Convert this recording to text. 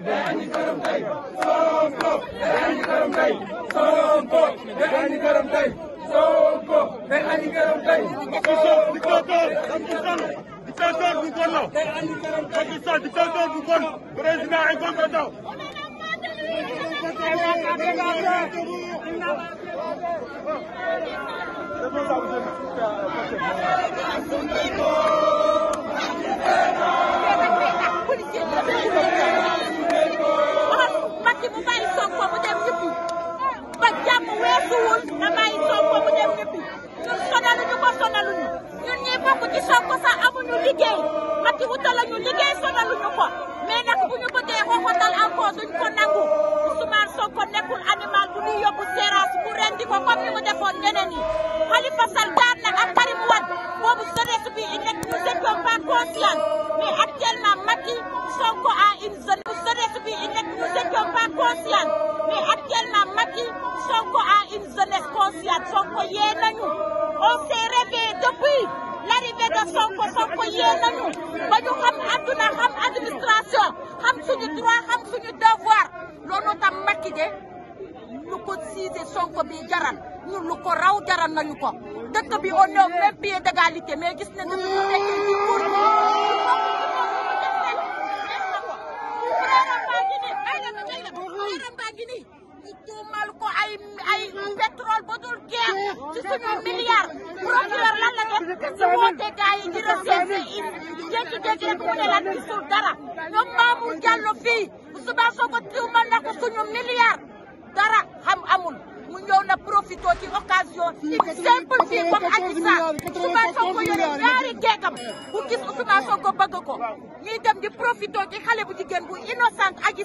Beni Karam Tay Sonko Beni Karam Tay Sonko Beni Karam Tay Sonko Beni Karam Tay Sonko dictateur Macky Sall dictateur bu bon la Macky Sall dictateur bu bon président ay bon Thank you. liggéey Macky wutal la ñu liggéey sonaluñu ko mais nag bu ñu bëggee xoxotal encore duñ ko nangu Ousmane Sonko nekkul animal bu ñuy yóbbu séerans bu rendi ko comme ni mu defoon ñeneen yi Khalifa Sall daan na ak Karim Wade boobu jeunesse bi il nekk nous étions pas conscients mais actuellement Macky Sonko a une jeunesse bi il nekk nous étions pas conscients mais actuellement Macky Sonko a une jeunesse consciente Sonko yee nañu liggéey nañu ba ñu xam adduna xam administration xam suñu droit xam suñu devoir loolu tam Macky de lu ko siise Sonko bi jaral ñun lu ko raw jaral nañu ko dëkk bi on est au même pied d'égalité mais gis nañu ne ñu nekkee ci ci suñu milliard procureur lan la def su woote gars yi ngir seesi in jékki-jékki rek mu ne la gisul dara ñoom Mamour Diallo fii Ousmane Sonko tuumal na ko suñu dara xam amul mu na profité ci occasion simple fii comme Adji Sarr Ousmane Sonko yore ñaari geegam bu gis Ousmane Sonko bëgg ko ñuy dem di profité ci bu jigéen bu innocente Adji